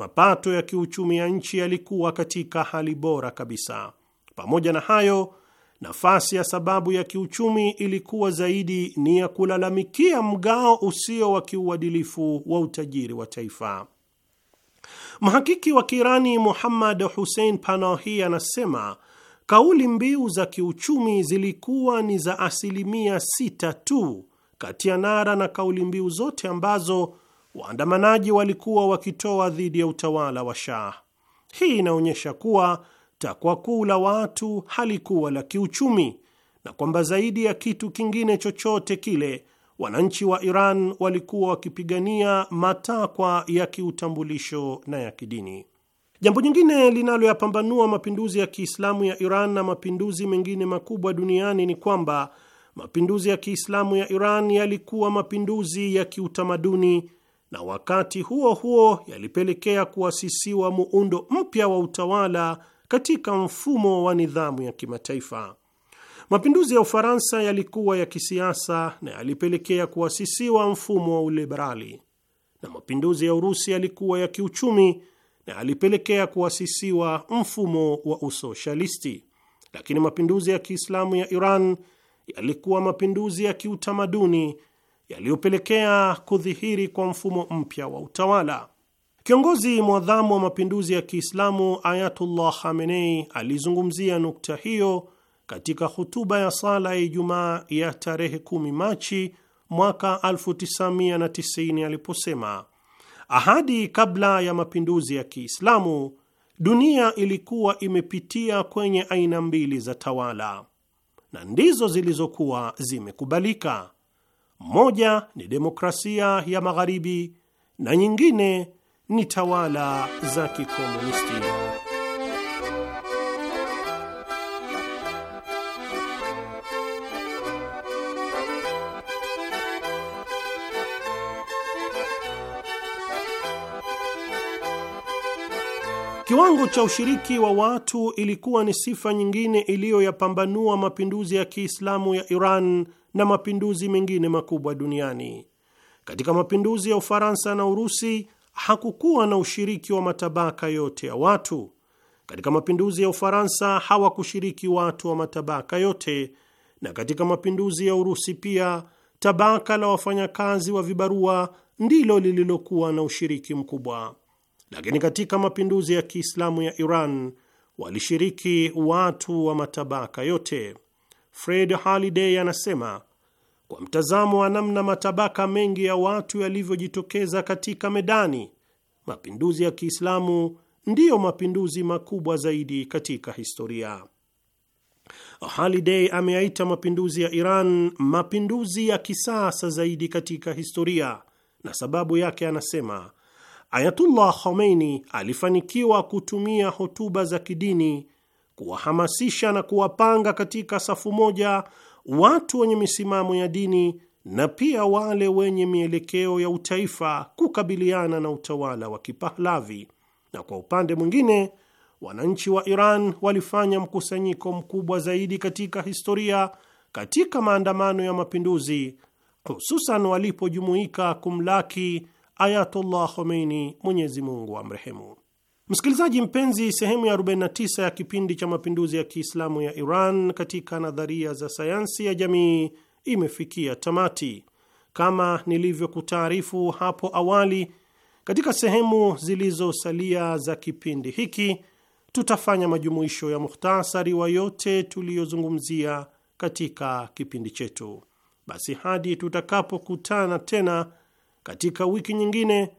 mapato ya kiuchumi ya nchi yalikuwa katika hali bora kabisa. Pamoja na hayo, nafasi ya sababu ya kiuchumi ilikuwa zaidi ni ya kulalamikia mgao usio wa kiuadilifu wa utajiri wa taifa. Mhakiki wa Kirani Muhammad Hussein Panahi anasema kauli mbiu za kiuchumi zilikuwa ni za asilimia sita tu kati ya nara na kauli mbiu zote ambazo waandamanaji walikuwa wakitoa dhidi ya utawala wa Shah. Hii inaonyesha kuwa takwa kuu la watu halikuwa la kiuchumi na kwamba zaidi ya kitu kingine chochote kile wananchi wa Iran walikuwa wakipigania matakwa ya kiutambulisho na ya kidini. Jambo jingine linaloyapambanua mapinduzi ya Kiislamu ya Iran na mapinduzi mengine makubwa duniani ni kwamba mapinduzi ya Kiislamu ya Iran yalikuwa mapinduzi ya kiutamaduni na wakati huo huo yalipelekea kuasisiwa muundo mpya wa utawala katika mfumo wa nidhamu ya kimataifa. Mapinduzi ya Ufaransa yalikuwa ya kisiasa na yalipelekea kuasisiwa mfumo wa uliberali, na mapinduzi ya Urusi yalikuwa ya kiuchumi na yalipelekea kuasisiwa mfumo wa usoshalisti. Lakini mapinduzi ya Kiislamu ya Iran yalikuwa mapinduzi ya kiutamaduni yaliyopelekea kudhihiri kwa mfumo mpya wa utawala. Kiongozi mwadhamu wa mapinduzi ya Kiislamu Ayatullah Khamenei alizungumzia nukta hiyo katika hutuba ya sala ya Ijumaa ya tarehe 10 Machi mwaka 1990 aliposema, ahadi kabla ya mapinduzi ya Kiislamu dunia ilikuwa imepitia kwenye aina mbili za tawala na ndizo zilizokuwa zimekubalika moja ni demokrasia ya magharibi na nyingine ni tawala za kikomunisti. Kiwango cha ushiriki wa watu ilikuwa ni sifa nyingine iliyoyapambanua mapinduzi ya Kiislamu ya Iran na mapinduzi mengine makubwa duniani. Katika mapinduzi ya Ufaransa na Urusi hakukuwa na ushiriki wa matabaka yote ya watu. Katika mapinduzi ya Ufaransa hawakushiriki watu wa matabaka yote, na katika mapinduzi ya Urusi pia tabaka la wafanyakazi wa vibarua ndilo lililokuwa na ushiriki mkubwa. Lakini katika mapinduzi ya Kiislamu ya Iran walishiriki watu wa matabaka yote. Fred Haliday anasema kwa mtazamo wa namna matabaka mengi ya watu yalivyojitokeza katika medani, mapinduzi ya Kiislamu ndiyo mapinduzi makubwa zaidi katika historia. Haliday ameyaita mapinduzi ya Iran mapinduzi ya kisasa zaidi katika historia, na sababu yake anasema Ayatullah Khomeini alifanikiwa kutumia hotuba za kidini kuwahamasisha na kuwapanga katika safu moja watu wenye misimamo ya dini na pia wale wenye mielekeo ya utaifa kukabiliana na utawala wa Kipahlavi. Na kwa upande mwingine, wananchi wa Iran walifanya mkusanyiko mkubwa zaidi katika historia katika maandamano ya mapinduzi, hususan walipojumuika kumlaki Ayatullah Khomeini, Mwenyezi Mungu amrehemu. Msikilizaji mpenzi, sehemu ya 49 ya kipindi cha mapinduzi ya Kiislamu ya Iran katika nadharia za sayansi ya jamii imefikia tamati. Kama nilivyokutaarifu hapo awali, katika sehemu zilizosalia za kipindi hiki tutafanya majumuisho ya mukhtasari wa yote tuliyozungumzia katika kipindi chetu. Basi hadi tutakapokutana tena katika wiki nyingine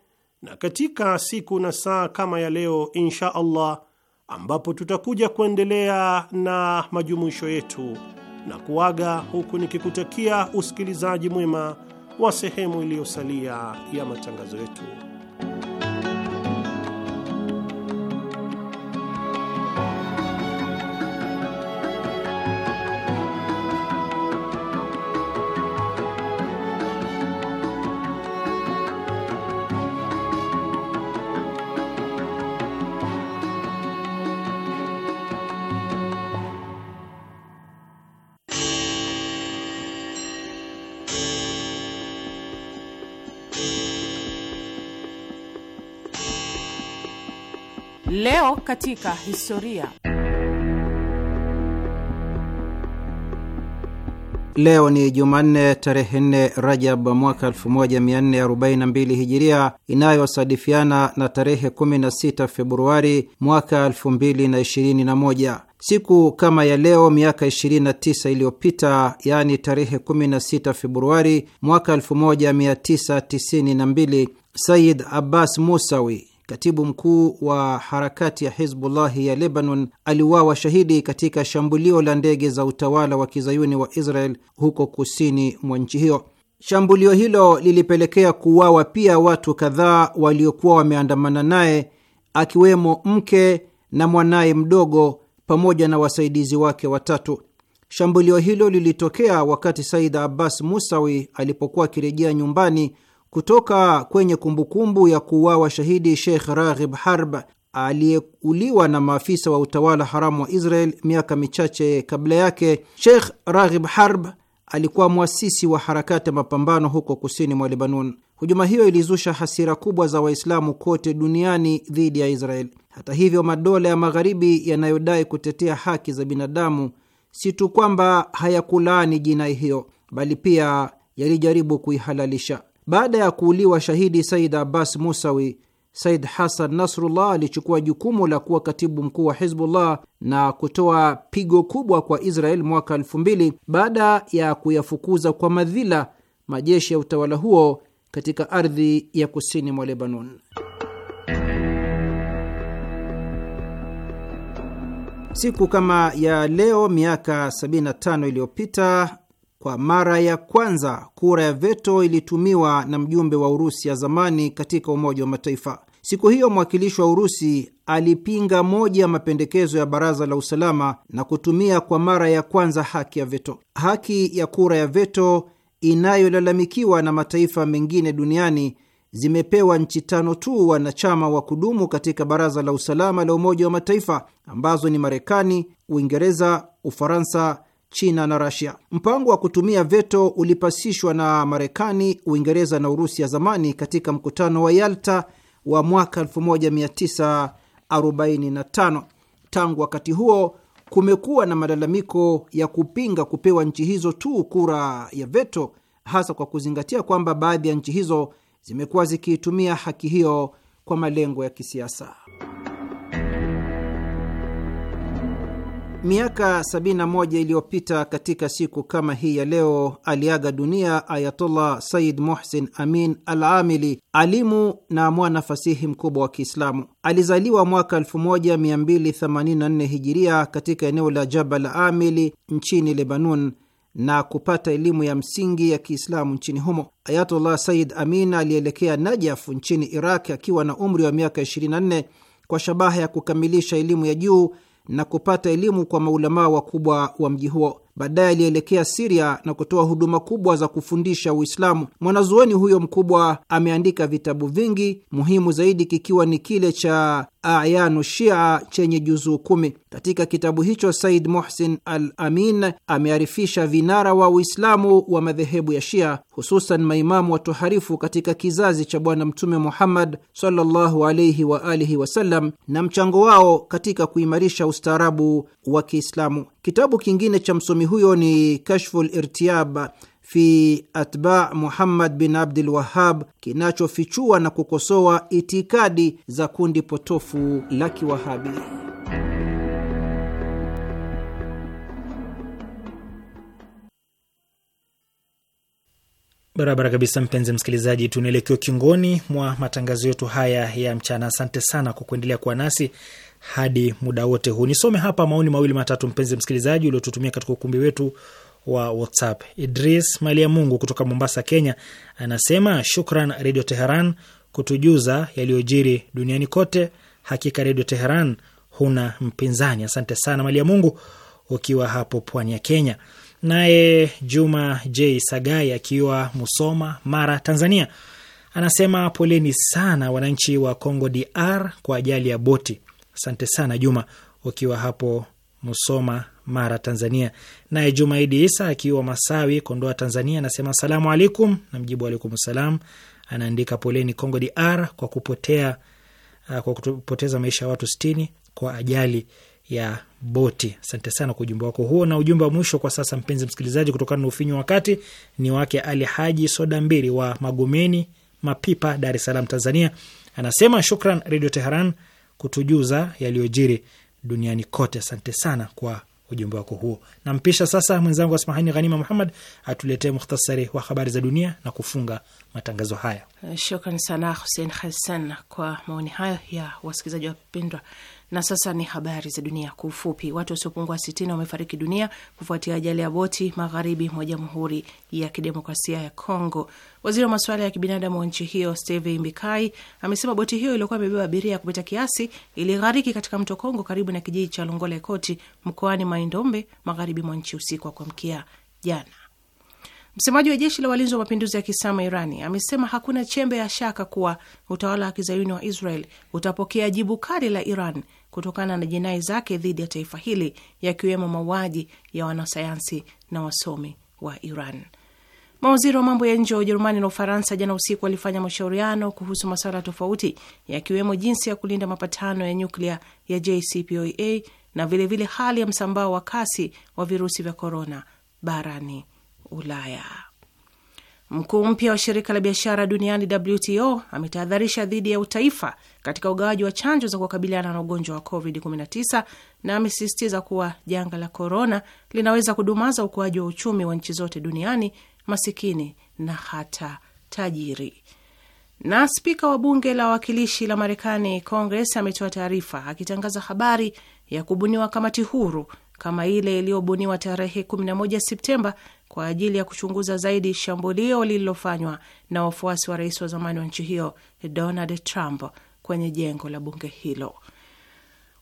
na katika siku na saa kama ya leo insha Allah, ambapo tutakuja kuendelea na majumuisho yetu na kuaga huku nikikutakia usikilizaji mwema wa sehemu iliyosalia ya matangazo yetu. Leo katika historia. Leo ni Jumanne, tarehe nne Rajab mwaka 1442 Hijiria, inayosadifiana na tarehe 16 Februari mwaka 2021. Siku kama ya leo miaka 29 iliyopita, yaani tarehe 16 Februari mwaka 1992, Said Abbas Musawi katibu mkuu wa harakati ya Hizbullahi ya Lebanon, aliuawa shahidi katika shambulio la ndege za utawala wa kizayuni wa Israel huko kusini mwa nchi hiyo. Shambulio hilo lilipelekea kuuawa pia watu kadhaa waliokuwa wameandamana naye, akiwemo mke na mwanaye mdogo pamoja na wasaidizi wake watatu. Shambulio hilo lilitokea wakati Said Abbas Musawi alipokuwa akirejea nyumbani kutoka kwenye kumbukumbu ya kuuawa shahidi Sheikh Raghib Harb aliyeuliwa na maafisa wa utawala haramu wa Israel miaka michache kabla yake, Sheikh Raghib Harb alikuwa mwasisi wa harakati ya mapambano huko kusini mwa Lebanon. Hujuma hiyo ilizusha hasira kubwa za Waislamu kote duniani dhidi ya Israel. Hata hivyo, madola ya Magharibi yanayodai kutetea haki za binadamu si tu kwamba hayakulaani jinai hiyo, bali pia yalijaribu kuihalalisha. Baada ya kuuliwa shahidi Said Abbas Musawi, Said Hasan Nasrullah alichukua jukumu la kuwa katibu mkuu wa Hizbullah na kutoa pigo kubwa kwa Israel mwaka elfu mbili baada ya kuyafukuza kwa madhila majeshi ya utawala huo katika ardhi ya kusini mwa Lebanon. Siku kama ya leo miaka 75 iliyopita kwa mara ya kwanza kura ya veto ilitumiwa na mjumbe wa Urusi ya zamani katika Umoja wa Mataifa. Siku hiyo mwakilishi wa Urusi alipinga moja ya mapendekezo ya Baraza la Usalama na kutumia kwa mara ya kwanza haki ya veto. Haki ya kura ya veto inayolalamikiwa na mataifa mengine duniani zimepewa nchi tano tu wanachama wa kudumu katika Baraza la Usalama la Umoja wa Mataifa ambazo ni Marekani, Uingereza, Ufaransa, China na Rasia. Mpango wa kutumia veto ulipasishwa na Marekani, Uingereza na Urusi ya zamani katika mkutano wa Yalta wa mwaka 1945. Tangu wakati huo kumekuwa na malalamiko ya kupinga kupewa nchi hizo tu kura ya veto, hasa kwa kuzingatia kwamba baadhi ya nchi hizo zimekuwa zikiitumia haki hiyo kwa malengo ya kisiasa. Miaka 71 iliyopita katika siku kama hii ya leo aliaga dunia Ayatollah Said Mohsin Amin Al Amili, alimu na mwanafasihi mkubwa wa Kiislamu. Alizaliwa mwaka 1284 Hijiria katika eneo la Jabal Amili nchini Lebanon na kupata elimu ya msingi ya Kiislamu nchini humo. Ayatollah Said Amin alielekea Najafu nchini Iraq akiwa na umri wa miaka 24 kwa shabaha ya kukamilisha elimu ya juu na kupata elimu kwa maulamaa wakubwa wa mji huo. Baadaye alielekea Siria na kutoa huduma kubwa za kufundisha Uislamu. Mwanazuoni huyo mkubwa ameandika vitabu vingi, muhimu zaidi kikiwa ni kile cha Ayanu Shia chenye juzuu kumi. Katika kitabu hicho, Said Muhsin Al Amin amearifisha vinara wa Uislamu wa madhehebu ya Shia, hususan maimamu watoharifu katika kizazi cha Bwana Mtume Muhammad sallallahu alaihi wa alihi wasallam na mchango wao katika kuimarisha ustaarabu wa Kiislamu. Kitabu kingine cha msomi huyo ni Kashful Irtiab fi Atba Muhammad bin Abdul Wahab, kinachofichua na kukosoa itikadi za kundi potofu la Kiwahabi. Barabara kabisa, mpenzi msikilizaji, tunaelekewa kiongoni mwa matangazo yetu haya ya mchana. Asante sana kwa kuendelea kuwa nasi hadi muda wote huu. Nisome hapa maoni mawili matatu, mpenzi msikilizaji, uliotutumia katika ukumbi wetu wa WhatsApp. Idris Malia Mungu kutoka Mombasa, Kenya, anasema shukran Redio Teheran kutujuza yaliyojiri duniani kote. Hakika Redio Teheran huna mpinzani. Asante sana Malia Mungu ukiwa hapo pwani ya Kenya. Naye Juma J Sagai akiwa Musoma, Mara, Tanzania, anasema poleni sana wananchi wa Congo DR kwa ajali ya boti Asante sana Juma ukiwa hapo Musoma, Mara, Tanzania. Naye Jumaidi Isa akiwa Masawi, Kondoa, Tanzania, anasema asalamu alaikum, na mjibu alaikum salam. Anaandika poleni Congo DR kwa kupotea uh, kwa kupoteza maisha ya watu sitini kwa ajali ya boti. Asante sana kwa ujumbe wako huo. Na ujumbe wa mwisho kwa sasa, mpenzi msikilizaji, kutokana na ufinyu wakati, ni wake Ali Haji Soda mbili wa Magomeni Mapipa, Dar es Salaam, Tanzania, anasema shukran Radio Teheran kutujuza yaliyojiri duniani kote. Asante sana kwa ujumbe wako huo. Nampisha sasa mwenzangu Asmahani Ghanima Muhammad atuletee muhtasari wa habari za dunia na kufunga matangazo haya. Shukran sana Husein Hasan kwa maoni hayo ya wasikilizaji wapendwa. Na sasa ni habari za dunia kwa ufupi. Watu wasiopungua sitini wamefariki dunia kufuatia ajali ya boti magharibi mwa Jamhuri ya Kidemokrasia ya congo Waziri wa masuala ya kibinadamu wa nchi hiyo Steve Mbikai amesema boti hiyo iliyokuwa imebeba abiria kupita kiasi ilighariki katika mto Congo karibu na kijiji cha Longole Koti mkoani Maindombe magharibi mwa nchi usiku wa kuamkia jana. Msemaji wa jeshi la walinzi wa mapinduzi ya Kiislamu Irani amesema hakuna chembe ya shaka kuwa utawala wa kizayuni wa Israel utapokea jibu kali la Iran kutokana na jinai zake dhidi ya taifa hili, yakiwemo mauaji ya wanasayansi na wasomi wa Iran. Mawaziri wa mambo ya nje wa Ujerumani na Ufaransa jana usiku walifanya mashauriano kuhusu masuala tofauti, yakiwemo jinsi ya kulinda mapatano ya nyuklia ya JCPOA na vilevile vile hali ya msambao wa kasi wa virusi vya korona barani Ulaya. Mkuu mpya wa shirika la biashara duniani WTO ametahadharisha dhidi ya utaifa katika ugawaji wa chanjo za kukabiliana na ugonjwa wa COVID-19 na amesisitiza kuwa janga la korona linaweza kudumaza ukuaji wa uchumi wa nchi zote duniani, masikini na hata tajiri. Na spika wa bunge la wawakilishi la Marekani, Congress, ametoa taarifa akitangaza habari ya kubuniwa kamati huru kama ile iliyobuniwa tarehe 11 Septemba kwa ajili ya kuchunguza zaidi shambulio lililofanywa na wafuasi wa rais wa zamani wa nchi hiyo Donald Trump kwenye jengo la bunge hilo.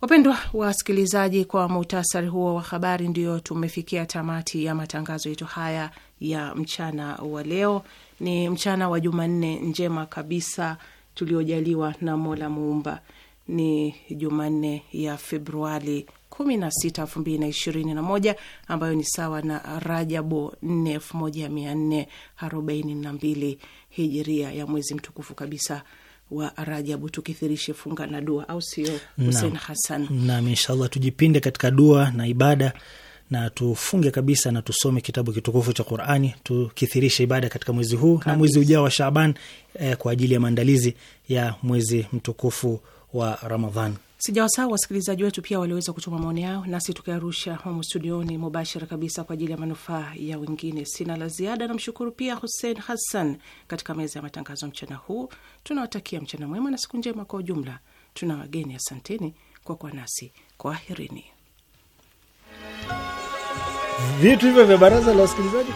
Wapendwa wasikilizaji, kwa muhtasari huo wa habari, ndio tumefikia tamati ya matangazo yetu haya ya mchana wa leo. Ni mchana wa Jumanne njema kabisa tuliojaliwa na Mola Muumba ni Jumanne ya Februari 16, 2021 ambayo ni sawa na Rajabu 4, 1442 hijiria ya mwezi mtukufu kabisa wa Rajabu, tukithirishe funga na dua, au sio Hussein Hassan? Naam, inshallah tujipinde katika dua na ibada na tufunge kabisa na tusome kitabu kitukufu cha Qurani, tukithirishe ibada katika mwezi huu Kabis. na mwezi ujao wa Shaaban eh, kwa ajili ya maandalizi ya mwezi mtukufu wa Ramadhan. Sijawasahau wasikilizaji wetu pia waliweza kutuma maoni yao, nasi tukayarusha humu studioni mubashara kabisa kwa ajili ya manufaa ya wengine. Sina la ziada, namshukuru pia Hussein Hassan katika meza ya matangazo mchana huu. Tunawatakia mchana mwema na siku njema kwa ujumla. Tuna wageni, asanteni kwa kuwa nasi, kwaherini. Vitu hivyo vya baraza la wasikilizaji